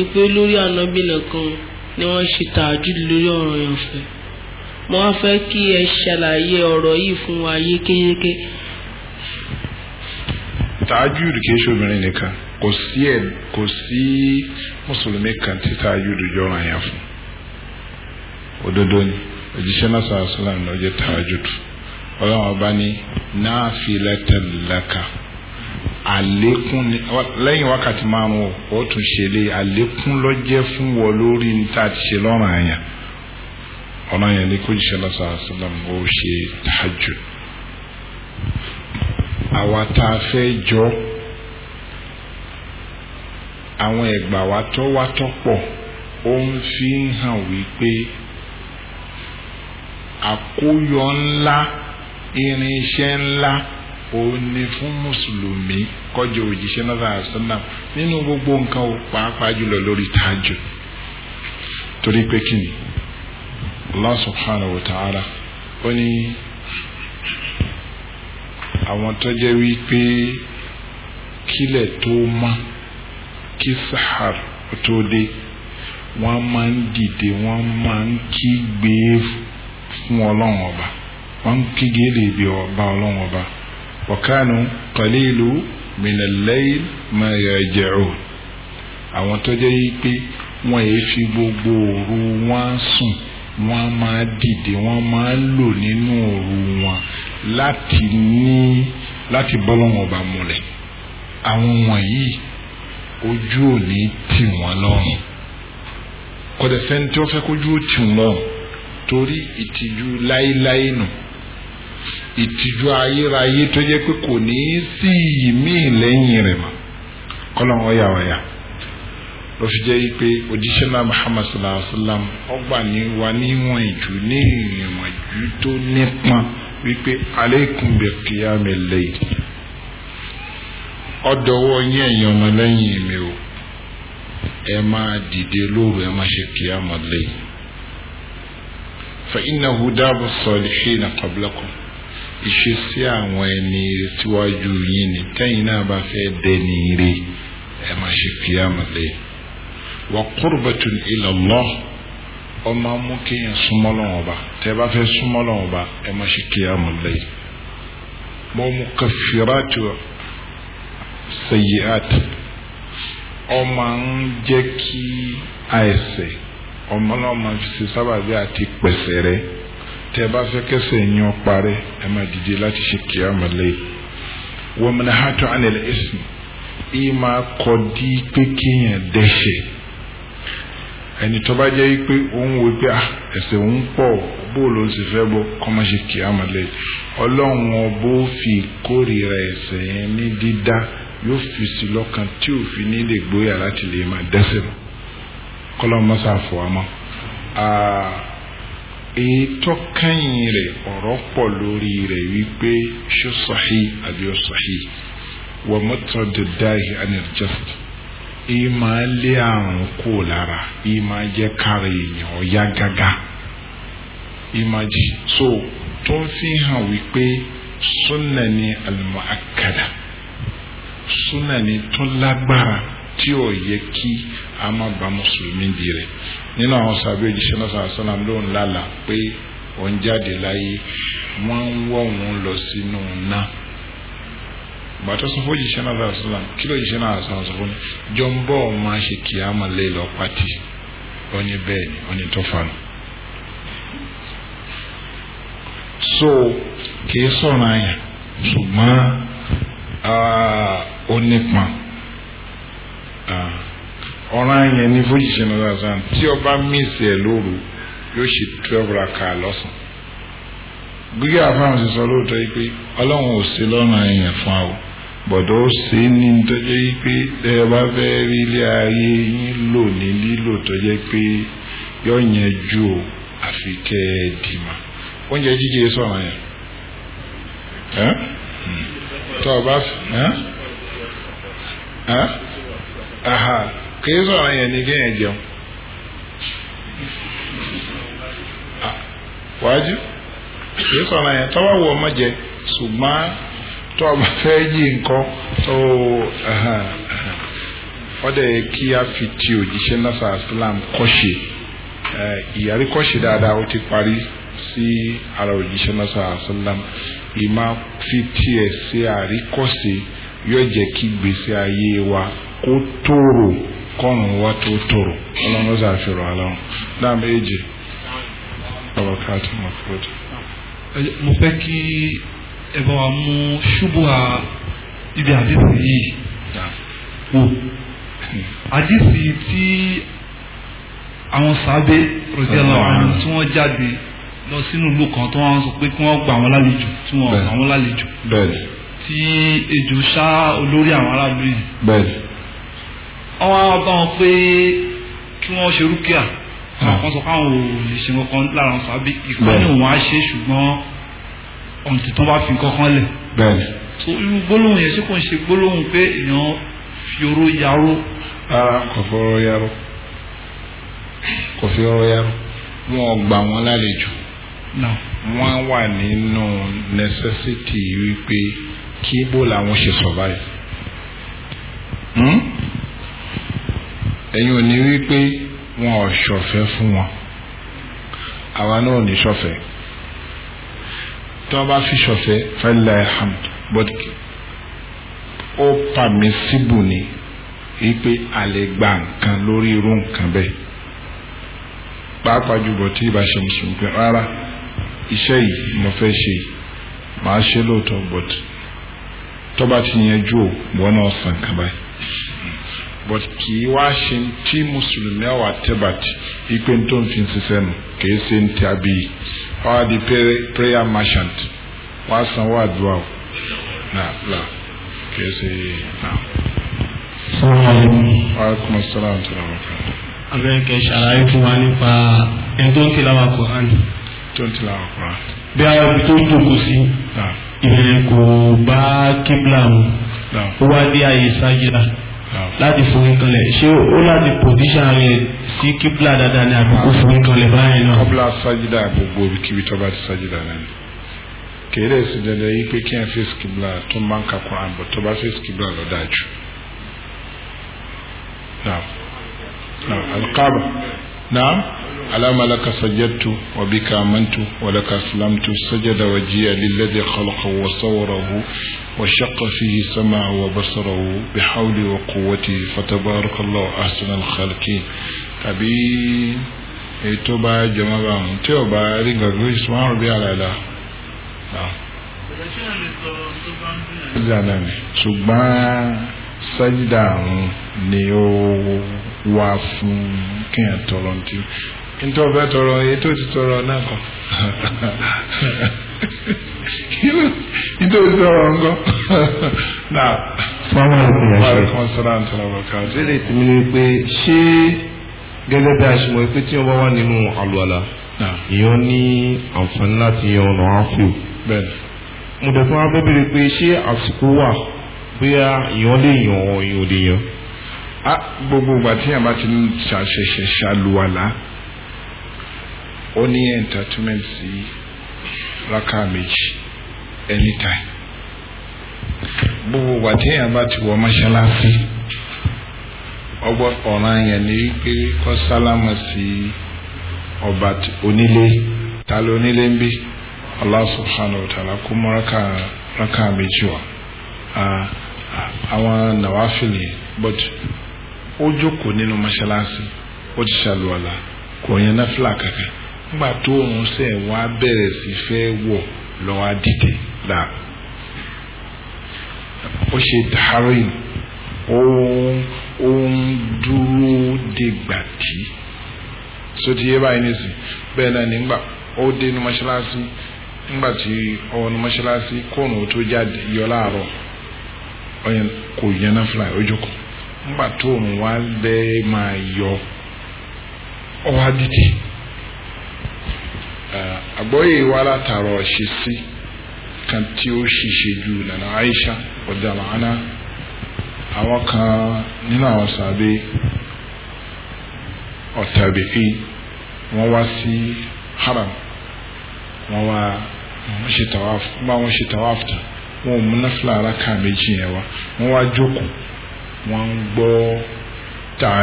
ipe lórí ànábì nìkan ni wọ́n ṣe tààjúdì lórí ọ̀rọ̀ ọ̀yàn fẹ́ mo wá fẹ́ kí ẹ ṣàlàyé ọ̀rọ̀ yìí fún wa yékéyéké. tààjúdì kì í ṣe nìkan kò sí ẹ kò sí mùsùlùmí kan tí tààjúdì jọra yẹn fún òdodo ni òjíṣẹ́ náà sọ àṣìlám ló jẹ́ tàwájúdù ọlọ́run ọba ní nafilatan laka àlékún ni lẹ́yìn wákàtí márùn ó tún ṣe lé àlékún ló jẹ́ fún wọ lórí ní tá a ti ṣe lọ́rùn àyàn ọ̀nà yẹn ni kó náà sọ ó ṣe tàwájúdù àwa tá a fẹ́ jọ àwọn ẹ̀gbà wa tó wá tó pọ̀ ó ń fi hàn wípé àkóyọ ńlá irinṣẹ́ ńlá òun ni fún mùsùlùmí kọjọ òjíṣẹ́ náà àṣọlá nínú gbogbo nǹkan ò pàápàá jùlọ lórí tájù torí pé kí ni Allah subhanahu wa ta'ala ó ní àwọn tó jẹ́ wípé kílẹ̀ tó mọ́ kí sahar tó dé wọ́n máa ń dìde wọ́n máa ń kígbe fún ọlọ́run ọba wọ́n kí gèlè bí ọba ọlọ́run ọba ọ̀kánu kọ́lílù mìnàlẹ́yìn mẹ́rẹ̀ẹ́jẹ̀rò àwọn tó jẹ́ yí pé wọ́n èé fi gbogbo òru wọn sùn wọ́n máa dìde wọ́n máa lò nínú òru wọn láti ní láti bọ́lọ́run ọba múlẹ̀ àwọn wọ̀nyí ojú ò ní tì wọ́n lọ́rùn kọ̀dẹ̀fẹ́ ní tí wọ́n fẹ́ kójú ó tì wọ́n lọ́rùn torí ìtìjú láéláé nù ìtìjú ayérayé tó jẹ́ pé kò ní í sí ìmíì lẹ́yìn rẹ̀ mọ́ kọ́lọ́n ọ̀yà ọ̀yà ló fi jẹ́ pé òjíṣẹ́ náà Muhammad sallallahu alayhi wa sallam ọgbà ní wa níwọ̀n ìjù ní ìwọ̀n ìjù tó nípọn wípé alaykum bi qiyamil layl ọdọwọ yín ẹ̀yin ọmọ lẹ́yìn mi o ẹ máa dìde lóru ẹ máa ṣe qiyamul layl. فإنه داب الصالحين قبلكم ìṣesí àwọn ẹni tíwájú yín ni tẹ́yìn náà bá fẹ́ dẹni rí ẹ máa ṣe kíyàmù lé wa qurbatun ila Allah ó máa mú kéèyàn súnmọ́ Ọlọ́hun Ọba tẹ́ bá fẹ́ súnmọ́ Ọlọ́hun Ọba ẹ máa ṣe kíyàmù lé mọ́ mú kafiratu sayyi'at ó máa ń jẹ́ kí àìṣẹ̀ ọmọ náà máa fi ṣe sábàbí àti pẹ̀sẹ̀ rẹ tẹ́ ẹ bá fẹ́ kẹsẹ̀ yan parẹ́ ẹ máa dìde láti ṣe kíámà lẹ́yìn. wọ́n mi ní hàtọ́ ànilẹ̀ ẹ̀sìn ìyí máa kọ́ di pé kéèyàn dẹ́ṣẹ̀ ẹni tó bá jẹ́ pé òun wò pé ah, ẹ̀ṣẹ̀ òun pọ̀ bóòlù ó sì fẹ́ bọ́ kọ́ máa ṣe kíámà lẹ́yìn ọlọ́run ọbọ̀ fi kórìíra ẹ̀ṣẹ̀ yẹn ní dídá yóò fi sí lọ́kàn tí òfin ní lè láti lè máa dẹ́ṣẹ̀ mọ́ kọlọmọsá fọwọmọ ètò kẹyìn rẹ ọ̀rọ̀ pọ̀ lórí rẹ wípé ṣó sọhí àbí ó sọhí wọ mọtò dídáì anirjẹsì èyí máa lé àrùn kó lára èyí máa jẹ kára èèyàn ọ̀yá gágá èyí máa jì so tó ń fi hàn wípé súnà ní al-mu'akkada súnà ní tó lágbára tí ò yẹ kí ama má ba mùsùlùmí di rẹ̀ nínú àwọn sàbẹ̀ òjíṣẹ́ náà sàlá sàlám ló ń lálà pé òun jáde láyé wọ́n ń wọ́ òun lọ sínú náà gbàtọ́ sọ fún òjíṣẹ́ náà sàlá sàlám kí ló jíṣẹ́ náà sàlá sọ fún mi jọ ń bọ̀ máa ṣe kíámà lé lọ pátì ó ní bẹ́ẹ̀ ni ó ní tó fa nù. so kìí sọ̀rọ̀ àyàn ṣùgbọ́n ah, ó nípa. Ah, ọ̀ràn yẹn ní fún jìṣẹ́ náà sàn tí ọba mísì ẹ̀ lóru yóò ṣe twelve raka lọ́sàn gbígbé àfáàmù sísọ lóòótọ́ yìí pé ọlọ́run ò sí lọ́nà èèyàn fún bọ̀dọ̀ ó sì ní yìí pé ẹ bá fẹ́ rí ilé ayé yín lò ní lílò tọ́jọ́ pé yẹn ju o àfi kẹ́ hmm. ọ bá fi kìí sọ̀rọ̀ yẹn ni kéèyàn jẹun ah, wájú kìí sọ̀rọ̀ yẹn tọ́wọ́ wọ ọmọ jẹ ṣùgbọ́n tọ́ ọmọ fẹ́ yí nǹkan tó ọdẹ kí a fi ti òjíṣẹ́ náà sàásìlám kọ́ṣe ìyàrí kọ́ṣe dáadáa ó ti parí sí ara òjíṣẹ́ náà sàásìlám ìmá fi tiẹ̀ sí àríkọ́ṣe yóò jẹ́ kí gbèsè ayé wa kó tóòrò kọ́rùn wa tó tòrò ọlọ́run ó ṣàfihàn aláwọn dáàmú èjì ọ̀rọ̀ káàtì mọ̀kúrọ̀dì. mo fẹ́ kí ẹ bá wa mú ṣubú a ibi àdìsí yìí wò àdìsí tí àwọn sábẹ́ rọ̀jẹ́lá àwọn tí wọ́n jáde lọ sínú ìlú kan tó wọ́n sọ pé kí wọ́n gba àwọn lálejò tí wọ́n gba àwọn lálejò tí ejò ṣá olórí àwọn aráàlú yìí wọ́n wá bá wọn pé kí wọ́n ṣe rúkìá hmm. wọ́n sọ káwọn ò lè ṣe kankan lára wọn sábẹ́ ìkànnì wọn á ṣe ṣùgbọ́n ọ̀n tí wọ́n bá fi kankan lẹ̀. bẹ́ẹ̀ni. tó irú gbólóhùn yẹn ṣé ń ṣe gbólóhùn pé èèyàn fi oró yaró. kò fi oró yaró kò fi oró yaró wọn gbà wọn lálejò. wọn wà nínú necessity wípé kí bó làwọn ṣe survive. Hmm? ẹ̀yin ò ní wí pé wọn ò ṣọ̀fẹ́ fún wọn àwa náà ò ní ṣọ̀fẹ́ tí wọ́n bá fi ṣọ̀fẹ́ fẹ́lẹ́ hamd but ó pàmísìbù ni wípé a lè gba nǹkan lórí irú nǹkan bẹ́ẹ̀ pàápàá jùbọ̀ tí ìbá ṣe mùsùlùmí pé rárá iṣẹ́ yìí mo fẹ́ ṣe màá ṣe lóòótọ́ but tó bá ti yanjú ò wọ́n náà sàn kan báyìí but kì í wá ṣe tí mùsùlùmí àwọn àtẹ́bàtì ipe tó ń fi ṣiṣẹ́ nù kì í ṣe ń tẹ́ abí yìí wọ́n á di prayer merchant wọ́n á sanwó àdúrà o náà là kì í ṣe náà. Aleykum salaam tí wọ́n kọ́. Abẹ́rẹ́kẹ́ ṣàlàyé fún wa nípa ẹni tó ń tilawa Quran. Tó Bí a yọ̀ tó ń jòkó sí. Ìbẹ̀rẹ̀ kò bá kíbla mu. Ó wá dé àyè sájìlá láti forí kanlẹ̀ ṣé ó láti pòdíṣà rẹ̀ sí kíbla dáadáa ní àbíkú forí kanlẹ̀ báyìí náà. kọ́bla sájídà gbogbo ibikíbi tó bá ti sájídà náà ni kéré sí dandan yìí pé kí n fèsì kíbla tó máa ń ka Kùránì bọ̀ tó bá fèsì kíbla lọ dájú. alqaba. نعم على ما لك سجدت وبك آمنت ولك أسلمت سجد وجهي للذي خلقه وصوره وشق فيه سمعه وبصره بحوله وقوته فتبارك الله أحسن الخالقين tàbí èyí tó bá jẹmọ́ bá wọn لا ọba rí sájídà àrùn ni ó wá fún kíyàn tọrọ ntí ntí ọbẹ̀ tọrọ èyí tó ti tọrọ náà kọ nítorí sọ̀rọ̀ ńgọ́ náà fọ́nmọ́ ìpínlẹ̀ ṣe ìbéèrè tèmi ni pé ṣé gẹ́gẹ́ bí a ṣe mọ̀ pé tí wọ́n bá wà nínú àlùwàlà ìyọ́n ní àǹfààní láti yan ọ̀nà àfò mo dẹ̀ fún wa pé ṣé àsìkò wà bóyá èèyàn lè yàn ọ́ èèyàn ò lè yàn. a gbogbo ìgbà tí yàrá ti ń ṣàṣẹṣẹ ṣàlùwàlà ó ní entertainment sí rákà méjì anytime gbogbo ìgbà tí yàrá ti wọ mọ́ṣáláṣí ọgbọ́n ọ̀ràn yẹn ni wípé kọ́ sálámà sí ọba onílé ta ló onílé ń bí Allah subhanahu wa ta'ala kó mọ́ rákà méjì wá. àwọn nàwáfìlì but ó jókòó nínú mọ́ṣáláṣí ó ti ṣàlùwàlà kò yẹn náfìlà kankan nígbà tó òun sẹ̀ wá bẹ̀rẹ̀ sí fẹ́ wọ̀ lọ́wọ́ dìde là ó ṣe dàárìn òun òun dúró dègbà tí sotí yé báyìí nìsín bẹ́ẹ̀ náà nígbà ó dé nu mọ́ṣáláṣí nígbà tí ọ̀nà mọ́ṣáláṣí kóònù tó jáde yọ láàárọ̀. ọyẹ kò yẹn náà fúlà ó a ńgbà tó wá bẹ́ẹ̀ yọ ọwọ́ adìtì àgbọ́yé wa látàrọ ṣe sí kan tí ó shi ju nana Aisha ọ̀dà màánà awon kan nínú awon wá sí haram wọ́n wá wọ́n ṣe tawaf tán. wọn ò mú náfìlà aráka méjì yẹn wá wọn wá jókòó wọn ń gbọ́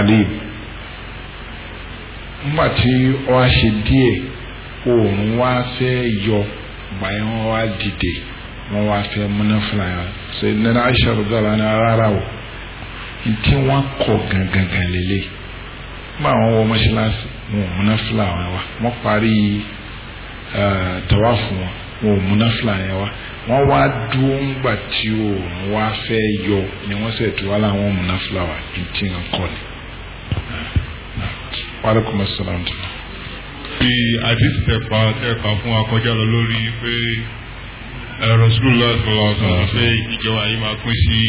nígbà tí wọn á ṣe díẹ̀ oòrùn wá fẹ́ yọ gbàyẹn wọn wá dìde wọn wá fẹ́ mú náfìlà yẹn ṣe nínú aṣọ àrùdọ́là ní rárá o ntí wọn kọ gangan lélẹ̀ nígbà wọn wọ mọ́ṣáláṣí wọn ò mú náfìlà eh, wọn wọn parí tọ́wá wọn. wọn ò múná fúlàní wa wọ́n wá dúró ńgbà tí òòrùn wá fẹ́ yọ ni wọ́n sì tú wá láwọn múná fúlàwà ìtì ń kọ́ ni. wàlúùkù mọ́sálà ń tún. bí àdìsí tẹ̀pa tẹ̀pa fún akọjá lọ lórí pé ẹ̀rọ sùúrù lọ́sọ̀ lọ́sọ̀ pé ìjọba yìí máa pín sí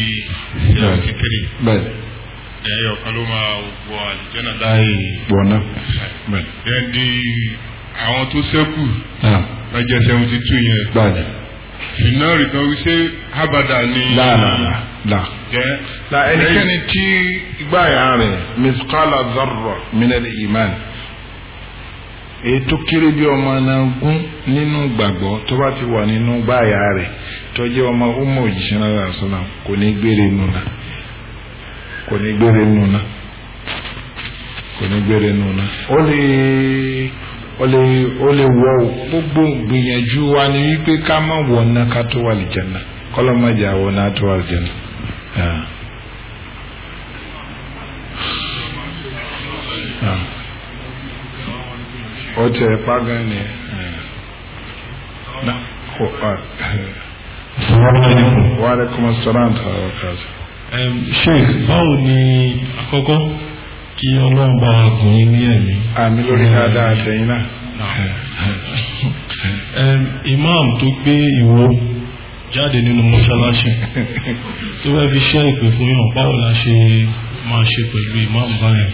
seventy three. bẹ́ẹ̀ kan ló máa wọ àlùjẹ́ náà láì. gbọ̀nà bẹ́ẹ̀. àwọn tó ṣẹ́kù ah. ẹ̀jẹ̀ seventy two yẹn finari kan wí ṣé habada ni. na ẹnikẹ́ni tí igbá yà rẹ̀ kala zarro minal iman ètò kéré bí ọmọ anagun nínú gbàgbọ́ tó bá ti wà nínú gbáyà rẹ̀ tọ́jú ọmọ ọmọ òjìṣẹ́ náà sọ́nà kò ní gbére nùnà kò ní gbére nùnà kò ní gbére nùnà Ole ole ó lè wọ gbogbo gbìyànjú wa ni wípé ká má wọ̀ ná ká tó wà lìjẹ̀nà kọ́lọ́ má jà wọ̀ ná tó wà lìjẹ̀nà. Ah. Ah. ó tẹ̀ ipá gan ni. Wa alaikum assalam wa rahmatullahi wa barakatuh. Sheikh, báwo ni àkọ́kọ́? kí ọlọ́run bá gùn yín ní ẹ̀mí. àmì lórí dáadáa àtẹ̀yìn náà. imam tó gbé ìwo jáde nínú mọ́ṣáláṣí tó bá fi ṣe ìpè fún yàn báwo la ṣe máa ṣe pẹ̀lú imam báyìí.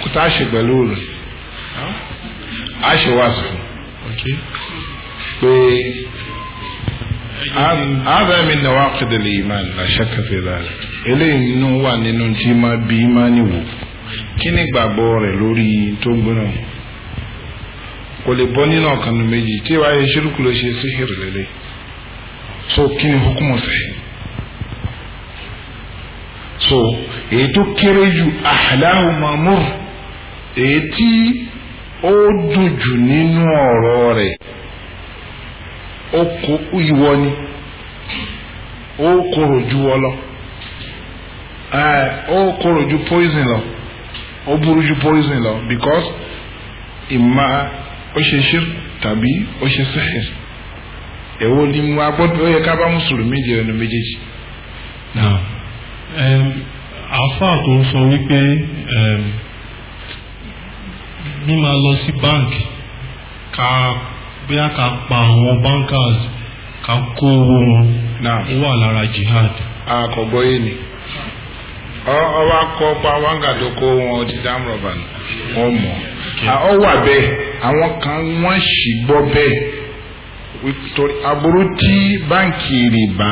kò tá a ṣe pẹ̀lú rẹ̀ a ṣe wá sùn pé هذا من نواقض الإيمان لا شك في ذلك eléyìí nínú wà nínú tí máa bí ìmánì wò kí ni gbàgbọ́ rẹ̀ lórí tó ń gbóná yìí kò lè bọ́ nínú ọ̀kan nu méjì tí ìwà yẹn ṣírùkù ló ṣe síhìrì lélẹ̀ so kí hukumu sẹ́ so èyí tó kéré ju ahlahu mamur èyí tí ó dùn jù nínú ọ̀rọ̀ rẹ̀ ó kó ìwọ ni ó korò ju wọ lọ ó korò ju poison lọ. ó buru ju poison lọ because ìmọ̀ ó ṣe ṣe tàbí ó ṣe sẹ́hìn èwo ni mo agbọ́dọ̀ ó yẹ ká bá mùsùlùmí di ẹnu méjèèjì. Um, àáfàá tó ń sọ wípé mímá um, lọ sí báǹkì ká bóyá ká pa àwọn bankers ká kó owó wọn ó wà lára jihad. a kò ni. ọwọ akọ pa wangàdókò wọn ti dámọ̀rọ̀bà wọn mọ̀ ọ wà bẹ́ẹ̀ àwọn kan wọ́n sì gbọ́ bẹ́ẹ̀ aburú tí báńkì rìbá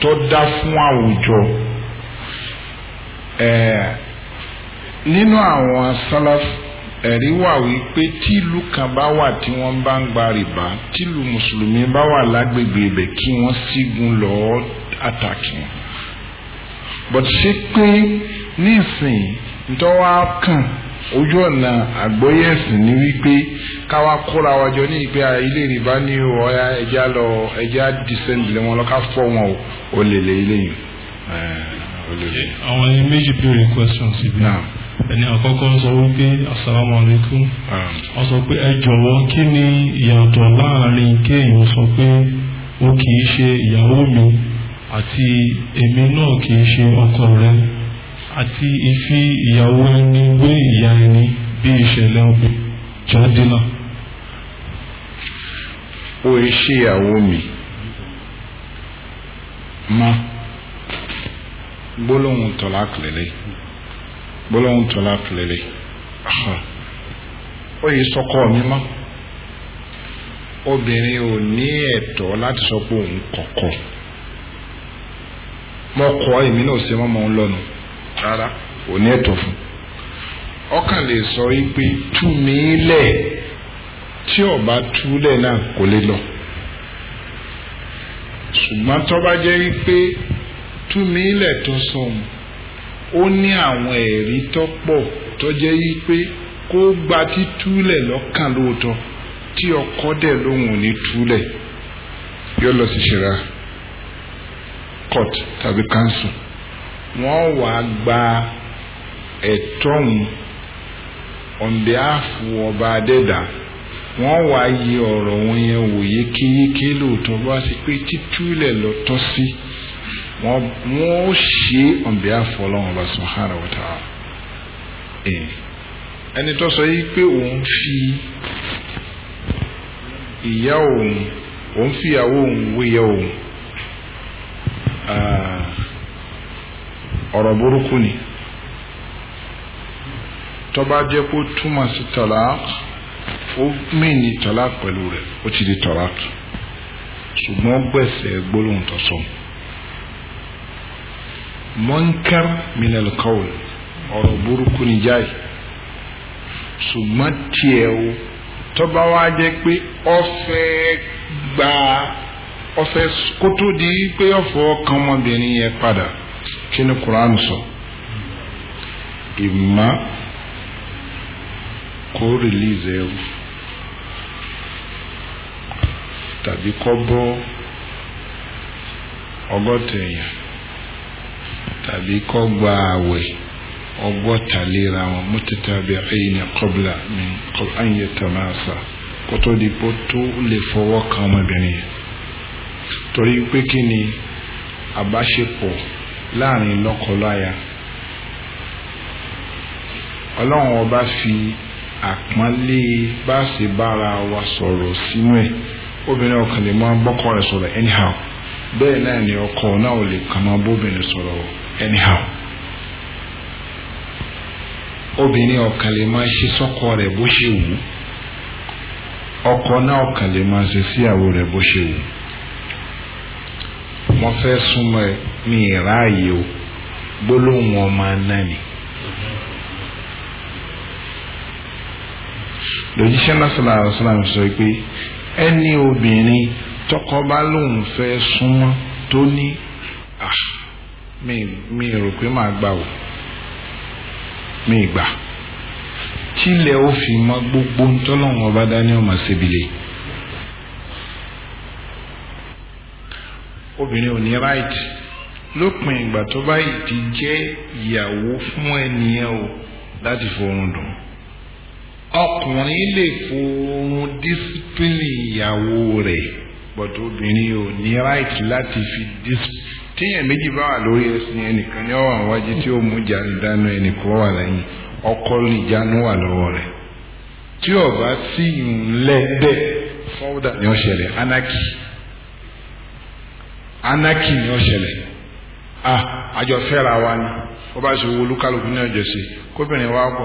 tó dá fún àwùjọ nínú àwọn sálàf ẹ̀rí wà wípé tíìlú kan bá wà tí wọ́n bá ń gba rìbá tíìlú mùsùlùmí bá wà lágbègbè ibẹ̀ kí wọ́n sígun lọ́ọ́ àtàkì wọn but ṣé pé nísìnyí ntọ́wá kàn ojú ọ̀nà àgbọ́yé ẹ̀sìn ni wípé káwa kóra wa jọ ní ìpè ah, ilé ìrìbá ní ọ̀ya ẹja lọ ẹja dísẹ́ǹdì wọn lọ́ka fọ́ wọn o ò lè lè ilé yìí. Eh, àwọn ẹni méjì béèrè questions ibi ẹni àkọ́kọ́ sọ wípé asalaamualeykum wọ́n sọ pé ẹ jọ̀wọ́ kí ni ìyàtọ̀ láàrin kéèyàn sọ pé ó kì í ṣe ìyàwó mi àti èmi náà kì í ṣe ọkọ rẹ àti ìfi ìyàwó ẹni wé ìyá ẹni bí ìṣẹ̀lẹ̀ ọbẹ̀ jọ́dínà. ó ń ṣèyàwó mi má gbólóhùn tọ́lá kìlẹ̀lẹ̀ gbólóhùn tọ́lá kìlẹ̀lẹ̀ ó yí sọ́kọ mi má obìnrin ò ní ẹ̀tọ́ láti sọ pé òun kọ̀kọ̀ mọ kọ́ èmi náà ṣe mọ́mọ́ ń lọ́nu rárá ò ní ẹ̀tọ́ fún ọkàn lè sọ wípé tú mi lẹ̀ tí ọba tú lẹ̀ náà kò lè lọ ṣùgbọ́n tó bá jẹ́ wípé tú mi lẹ̀ tó sọ̀hún ó ní àwọn ẹ̀rí tó pọ̀ tó jẹ́ wípé kó gba títúlẹ̀ lọ́kàn lóòótọ́ tí ọkọ dẹ̀ lóhùn ò ní túlẹ̀ yóò lọ sí ṣìra court tàbí council wọ́n wàá gba ẹ̀tọ́ wọn on behalf ọba adẹ́dà wọ́n wàá yẹ ọ̀rọ̀ wọn yẹn wò yékéyéké lóòótọ́ bá sí pé títúlẹ̀ lọ tọ́ sí wọ́n ó ṣe on behalf ọlọ́run ọba subhanahu wa ta'ala ẹni tó sọ yìí pé òun fi ìyá òun òun fìyàwó òun wéyà òun. ọ̀rọ̀ burúkú ni tọ́ba jẹ́ kó túmọ̀ sí talaq ó mìn ní talaq pẹ̀lú rẹ̀ ó ti di talaq ṣùgbọ́n gbẹ̀sẹ̀ gbólóhùn tó sọ munkar minal qawl ọ̀rọ̀ burúkú ni jáì ṣùgbọ́n tiẹ̀ o tọ́ba wa jẹ́ pé ọ̀fẹ́ gba ọ̀fẹ́ kótó di pé ọ̀fọ̀ kan ọmọbìnrin yẹn padà. kí ni quran sọ ìmá ko release tàbí kọ́ bọ́ ọgọ́ta èèyàn tàbí kọ́ gba àwẹ̀ ọgọ́ta léra wọn mutatabi'in qabla min an yatamasa kó tó di pé tó lè fọwọ́ kan ọmọbìnrin yẹn torí pé kí ni àbáṣepọ̀. láàrin lọ́kọláya ọlọ́run ọba fi àpọ́nlé bá ṣe bára wa sọ̀rọ̀ sínú ẹ̀ obìnrin ọkàn lè máa bọ́kọ rẹ̀ sọ̀rọ̀ anyhow bẹ́ẹ̀ náà ni ọkọ̀ náà ò lè kàn máa bóbìnrin sọ̀rọ̀ anyhow obìnrin ọkàn lè máa ṣe sọ́kọ rẹ̀ bó ṣe wù ú ọkọ náà kàn lè máa ṣe síyàwó rẹ̀ bó ṣe wù ú wọ́n fẹ́ súnmọ́ ẹ mi ráàyè o gbólóhùn ọmọ náà ni. lójíṣẹ́ náà sọ̀rọ̀ àwọn sọ̀rọ̀ àwọn sọ pé ẹni obìnrin tọkọ bá lóun fẹ́ súnmọ́ tó ní mi rò pé màá gbà o mi gbà tílẹ̀ ó fi mọ́ gbogbo ntọ́lọ́wọ́n ọba dání ọmọ síbílẹ̀ obìnrin ò ní right lópin ìgbà tó bá ìdí jẹ́ ìyàwó fún ẹnìyẹn o láti fòrùn dùn ọkùnrin lè fòrùn dísípìlì ìyàwó rẹ̀ bọ̀dọ̀ obìnrin ò ní láti fi dísípìlì tíyẹn méjì bá wà lórí ẹsìn ẹnìkan ní ọwọ́ àwájú tí ó mú dáná wà lẹ́yìn ọkọ ní ìjánu wà lọ́wọ́ ọba bẹ́ẹ̀ ni anaki anaki ah àjọ fẹ́ra wa ni ó bá ṣe wo olúkálùkù ní ọjọ́ sí kóbìnrin wa kọ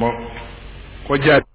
mọ kọjá.